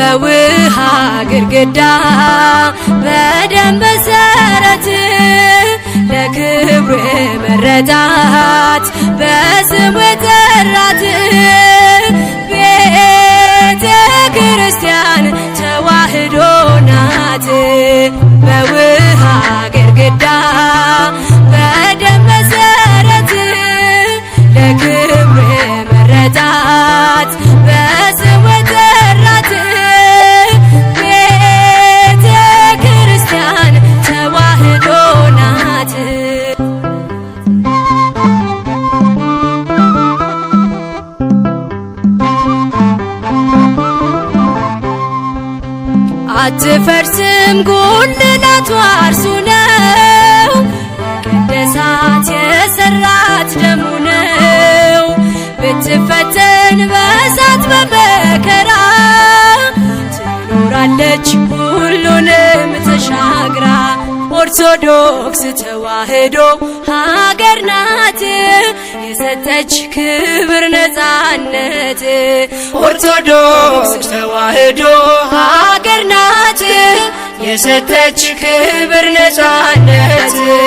በውሃ ግድግዳ በደም መሰረት ለክብሬ መረዳት በስሙ የጠራት ቤተ ክርስቲያን ተዋህዶ ናት። በውሃ ግድግዳ በደም መሰረት አትፈርስም ጉልላቷ እርሱ ነው። ቅደሳት የሰራት ደሙ ነው። ብትፈተን በእሳት በመከራ ትኖራለች ሁሉንም ተሻግራ። ኦርቶዶክስ ተዋህዶ ሀገር ናት የሰጠች ክብር ነፃነት ኦርቶዶክስ ተዋህዶ የሰጠች ክብር ነጻነት